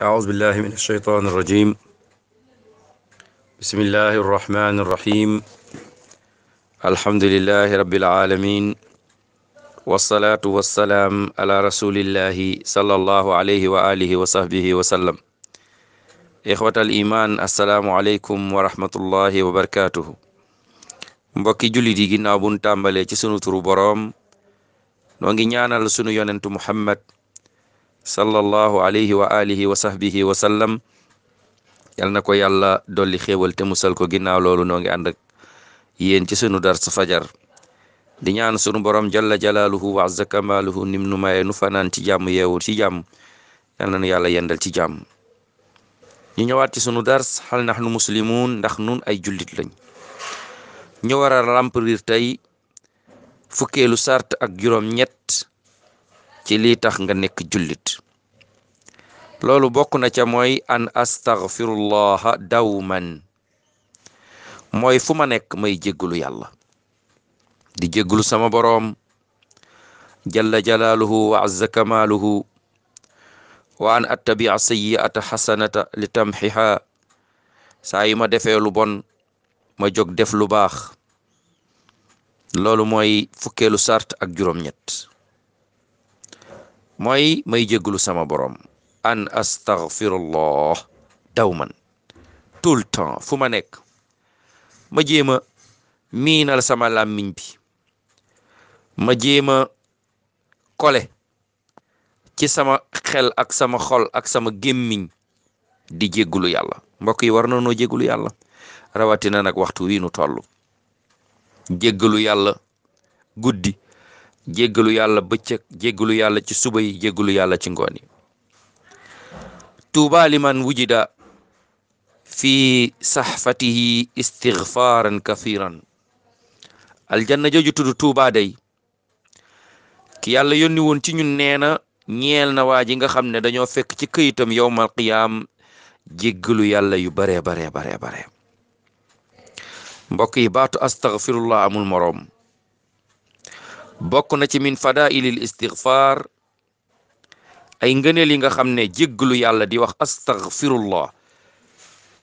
أعوذ بالله من الشيطان الرجيم بسم الله الرحمن الرحيم الحمد لله رب العالمين والصلاة والسلام على رسول الله صلى الله عليه وآله وصحبه وسلم إخوة الإيمان السلام عليكم ورحمة الله وبركاته mbokki jullit yi ginnaaw bu ñu tàmbalee ci sunu turu boroom noo ngi ñaanal sunu yonentu Muhammad sallallahu alayhi wa alihi wa sahbihi wa sallam na ko yàlla dolli xéewal te musal ko ginnaaw loolu noo ngi ànd ak yéen ci sunu dars fajar di ñaan sunu borom jalla jalaaluhu wa azza kamaaluhu nim nu maye nu fanaan ci jàmm yeewu ci jàmm yal nañu yàlla yendal ci jàmm ñu ñëwaat ci sunu dars hal nahnu muslimun ndax nun ay jullit lañ ñu war a fukkeelu sart ak juróom ñett ci lii tax nga nekk jullit loolu bokk na ca mooy an astaghfirullaha dawman mooy fu ma nekk may jéggalu yàlla di jéggalu sama boroom jalla jalaaluhu wa azza kamaaluhu wa an attabia sayyi'ata xasanata li tamxiha saa yi ma defee lu bon ma jóg def lu baax loolu mooy fukkeelu sart ak juróom-ñett mooy may jéggalu sama borom an astaghfirullah dawman tout le temps fu ma nekk ma jéem a miinal sama làmmiñ bi ma jéem a kole ci sama xel ak sama xol ak sama gémmiñ di jéggulu yàlla mbokk yi war na noo jéggulu yàlla rawatina nag waxtu wii nu toll jéggalu yàlla guddi jéggalu yàlla bëccëg jéggalu yàlla ci suba yi jéggalu yàlla ci ngoon yi tuuba liman wujida fi saxfatihi istigfaaran kathiran aljanna jooju tudd tuuba day ki yàlla yónni woon ci ñun nee na ñeel na waa ji nga xam ne dañoo fekk ci kayitam yowmal qiyaam jéggalu yàlla yu baree baree bare mbokk yi baatu astaghfirullah amul moroom bokk na ci min fadailil istighfar ay ngëneel yi nga xam ne jégglu yàlla di wax astaghfirullah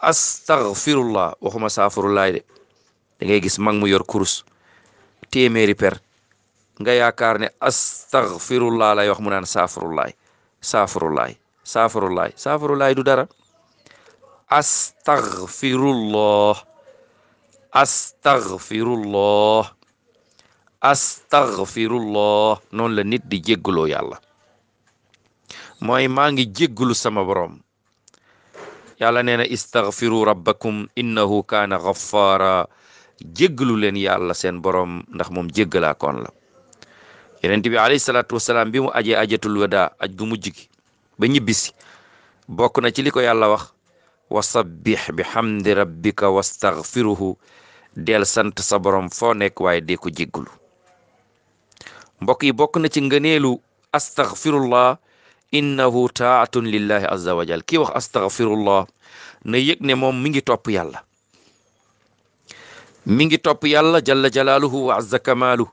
astaghfirullah waxuma saafurulaay de da ngay gis mag mu yor kurus téeméeri per nga yaakaar ne astaghfirullah lay wax mu naan saafurulaay saafurulaay saafurulaay saafurulaay du dara astaghfirullah astaghfirullah astaghfirullah noonu la nit di jéggaloo yàlla mooy maa ngi jéggalu sama boroom yàlla nee na istaghfiru rabbakum innahu kaana ghaffara jéggalu leen yàlla seen boroom ndax moom jéggalaakoon la yonent bi alayhi salaatu wasalaam bi mu ajee ajatul wada aj gu mujj gi ba ñibbisi bokk na ci li ko yàlla wax wa sabbih bi hamdi rabbika wastaghfiruhu del sant sa borom foo nekk waaye dee ko jéggalu mbokk yi bokk na ci ngëneelu astaghfirullah innahu taatun lillahi azza wa jal kii wax astaghfirullah na yëg ne moom mi ngi topp yàlla mi ngi topp yàlla jalla jalaaluhu wa azza kamaalu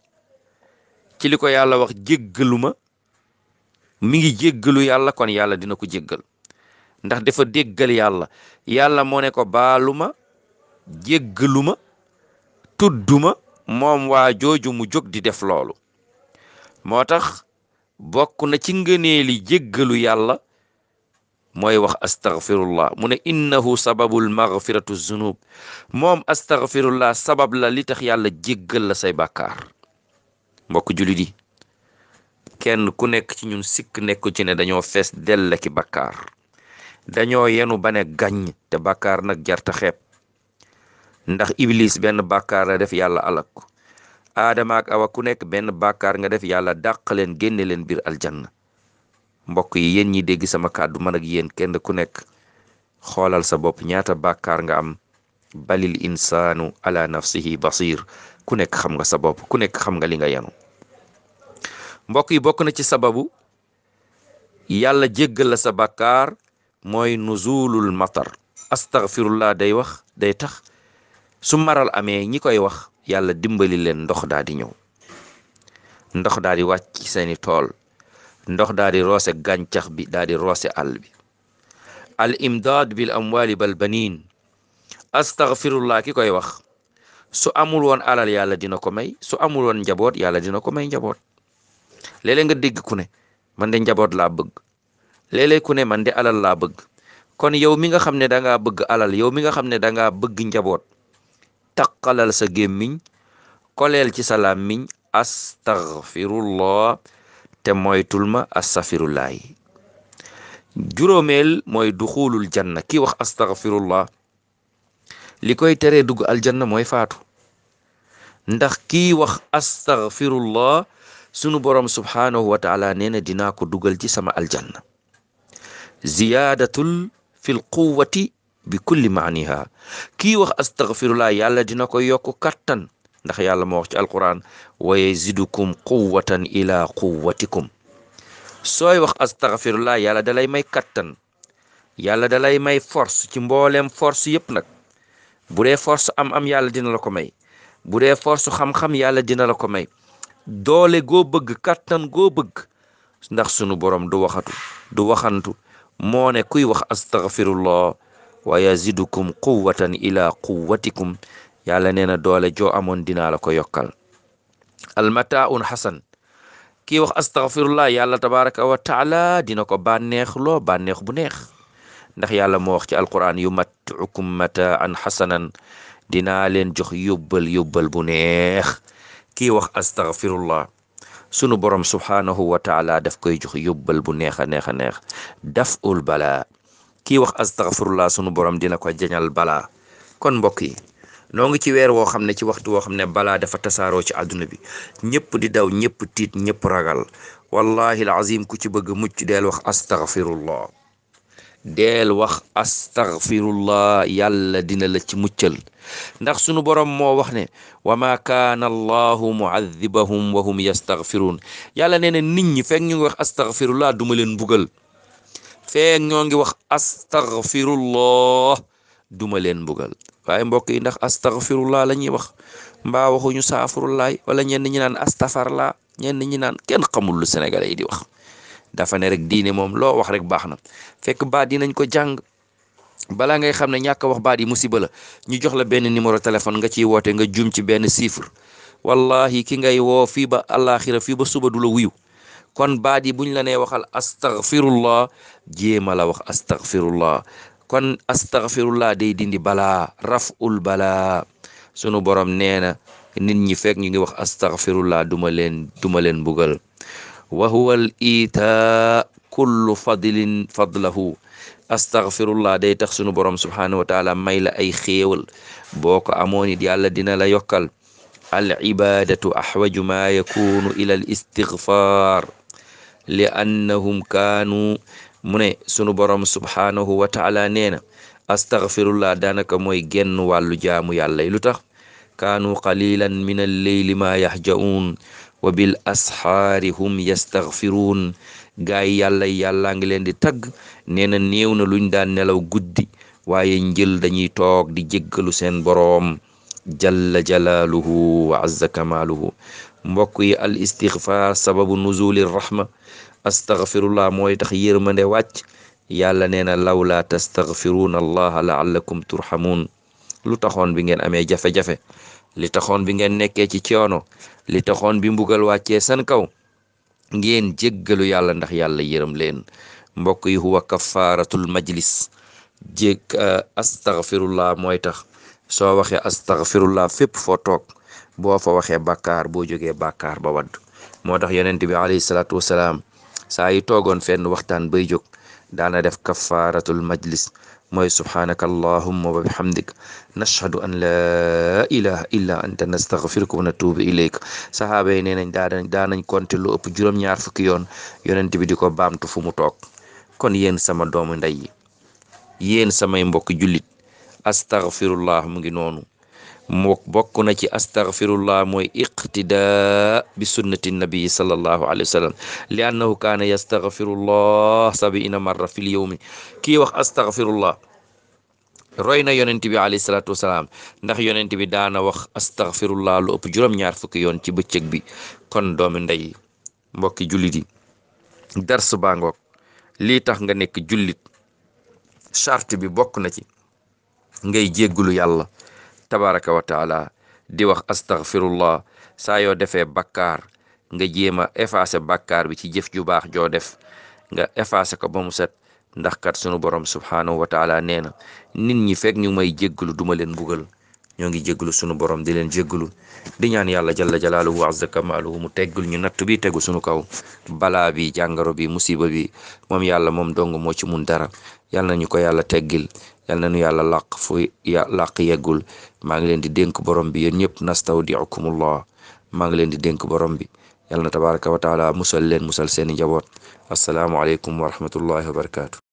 ci li ko yàlla wax jéggalu ma mi ngi jéggalu yàlla kon yàlla dina ko jéggal ndax dafa déggal yàlla yàlla moo ne ko baalu ma jéggalu ma tudduma moom waa jooju mu jóg di def loolu moo tax bokk na ci ngëneeli jéggalu yàlla mooy wax astaghfirullah mu ne innahu sababul maghfiratu zunub moom astaghfirullah sabab la li tax yàlla jéggal la say bàkkaar mbokk jullit yi kenn ku nekk ci ñun sikk nekk ci ne dañoo fees del la ki dañoo yenu bane ne gàññ te bàkkaar nag jarta xepp ndax iblis benn bàkkaar la def yàlla alak aadama ak awa ku nekk benn bàkkaar nga def yàlla dàq leen génne leen biir aljanna mbokk yi yéen ñi dégg sama kàddu man ak yéen kenn ku nekk xoolal sa bopp ñaata bàkkaar nga am balil insaanu ala nafsihi basir ku nekk xam nga sa bopp ku nekk xam nga li nga yanu mbokk yi bokk na ci sababu yàlla jéggal la sa bàkkaar mooy nuzulul matar astaghfirullah day wax day tax su maral amee ñi koy wax yàlla dimbali leen ndox daa di ñëw ndox daa di wàcc seeni tool ndox daa di roose gàncax bi daa di roose àll bi al imdaad bil amwaali bal baniin astaghfirullah ki koy wax su amul woon alal yàlla dina ko may su amul woon njaboot yàlla dina ko may njaboot léeg nga dégg ku ne man de njaboot laa bëgg léeg-léeg ku ne man de alal laa bëgg kon yow mi nga xam ne da bëgg alal yow mi nga xam ne da ngaa bëgg njaboot taqalal sa gémmiñ koleel ci salaam làmmiñ astaghfirullah te moytul ma astaghfirullahi juróomeel mooy duxulul janna ki wax astaghfirullah li koy teree dugg aljanna mooy faatu ndax kii wax astaghfirullah sunu borom subhaanahu wa taala nee dinaa ko dugal ci sama aljanna ziyaadatul fil quwwati bi kulli maaniha kii wax astaghfirullah yàlla dina ko yokk kattan ndax yàlla moo wax ci alquran wa yazidukum quwwatan ila quwwatikum sooy wax astaghfirullah yàlla dalay may kattan yàlla dalay may force ci mbooleem force yépp nag bu dee force am am yàlla dina la ko may bu dee force xam-xam yàlla dina la ko may doole goo bëgg kattan goo bëgg ndax sunu borom du waxatu du waxantu moo ne kuy wax astaghfirullah wa yazidukum quwwatan ila quwwatikum yàlla nee na doole joo amoon dinaa la ko yokkal almataaun xasan kii wax astaghfirullah yàlla tabaraka wa taala dina ko bànneex loo bànneex bu neex ndax yàlla moo wax ci alquran yu mattukum mataan xasanan dinaa leen jox yóbbal yóbbal bu neex kii wax astaghfirullah sunu borom subhaanahu wa taala daf koy jox yóbbal bu neex a neex a neex daf ul kii wax astaghfirullah sunu borom dina ko jañal balaa kon mbokk yi noo ngi ci weer woo xam ne ci waxtu woo xam ne balaa dafa tasaaroo ci àdduna bi ñëpp di daw ñëpp tiit ñëpp ragal wallahi alazim ku ci bëgg mucc deel wax astaghfirullah deel wax astaghfirullah yàlla dina la ci muccal ndax sunu borom moo wax ne wa ma kaana allahu muadibahum wa hum yastaghfiruun yàlla nee na nit ñi fekk ñu ngi wax astaghfirullah duma leen bugal feek ñoo ngi wax astaghfirullah duma leen mbugal waaye mbokk yi ndax astaghfirullah la ñuy wax mbaa waxuñu saafurullaay wala ñenn ñi naan astafarla ñenn ñi naan kenn xamul senegal sénégalais wax dafa ne rek diine moom loo wax rek baax na fekk baat nañ ko jàng balaa ngay xam ne ñàkk wax baat yi musiba la ñu jox la benn numéro téléphone nga ci woote nga jum ci benn chiffre wallahi ki ngay woo fii ba àllaaxira fii ba suba du la wuyu kon baat yi buñ la nee waxal astaghfirullah jéema la wax astaghfirullah kon astaghfirullah day dindi balaa raful balaa sunu borom nee na nit ñi fekk ñu ngi wax astaghfirullah duma leen duma leen bugal wa huwa al itaa kullu fadlin fadlahu astaghfirullah day tax sunu borom subhaanahu wa taala la ay xéewal boo ko amoon it yàlla dina la yokkal al ibadatu ahwaju ma yakunu ila al li annahum kaanu mu ne sunu borom subhaanahu wa taala nee na astaghfirullah daanaka mooy genn wàllu jaamu yàlla yi lu tax kaanu qalilan min alleyli maa yahja'uun wa bil asxaari hum yastaghfiruun gaay yàlla yàllaa ngi leen di tagg nee na néew na daan nelaw guddi waaye njël dañuy toog di jéggalu seen boroom jalla jalaaluhu wa azza kamaaluhu mbokk yi al istixfaar sababu nuzuli rahma astaghfirullah mooy tax yërmande wàcc yàlla nee na lawla tastaghfiruuna allaha laallakum turhamuun lu taxoon bi ngeen amee jafe-jafe li taxoon bi ngeen nekkee ci ci coono li taxoon bi mbugal wàccee seen kaw ngeen jéggalu yàlla ndax yàlla yërëm leen mbokk yi huwa kafaaratul majlis jég euh, astaghfirullah mooy tax soo waxee astaghfirullah fépp foo toog boo fa waxee bàkkaar boo jogee bàkkaar ba wadd moo tax yonent bi alayhi salaatu wasalaam saa yi toogoon fenn waxtaan bay jóg daana def kafaaratul majlis mooy subhaanaka allahumma wa bihamdik nashhadu an laa ilaha illa anta nastaghfiruka wa natuubu ilayk sahaaba yi nee nañ daanañ daanañ konte lu ëpp juróom-ñaar fukki yoon yonent bi di ko baamtu fu mu toog kon yéen sama doomu ndey yi yéen samay mbokk jullit astaghfirullah mu ngi noonu mu bokk na ci astaghfirullah mooy iqtidaa bi sunnati nabii sallallahu alayhi wa sallam li annahu kaana yastaghfirullah sabiina marra fil yawmi kii wax astaghfirullah roy na yonent bi alayhi salaatu wasalaam ndax yonent bi daana wax astaghfirullah lu ëpp juróom-ñaar fukki yoon ci bëccëg bi kon doomi ndey mbokki jullit yi dars baa ngoog lii tax nga nekk jullit charte bi bokk na ci ngay jéggulu yàlla tabaraka wataala di wax astaghfirullah saa yoo defee bakkaar nga jéem a effacé bakkaar bi ci jëf ju baax joo def nga effacé ko ba mu set ndax kat sunu borom subhaanahu wa taala nee na nit ñi fekk ñu may jéggalu duma leen mbugal ñoo ngi jéggalu sunu borom di leen jéggalu di ñaan yàlla jalla jalaaluhu wa azza kamaaluhu mu teggul ñu natt bi tegu sunu kaw balaa bi jàngaro bi musiba bi moom yàlla moom dong moo ci mun dara yàlla nañu ko yàlla teggil yal na nu yàlla làq fu ya làq yeggul maa ngi leen di dénk borom bi yéen ñëpp nastawdiukumullah maa ngi leen di dénk borom bi yal na tabaraka wa taala musal leen musal seeni njaboot assalaamu aleykum wa rahmatullahi barakaatu